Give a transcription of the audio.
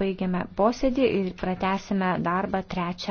Baigiame posėdį ir pratesime darbą trečią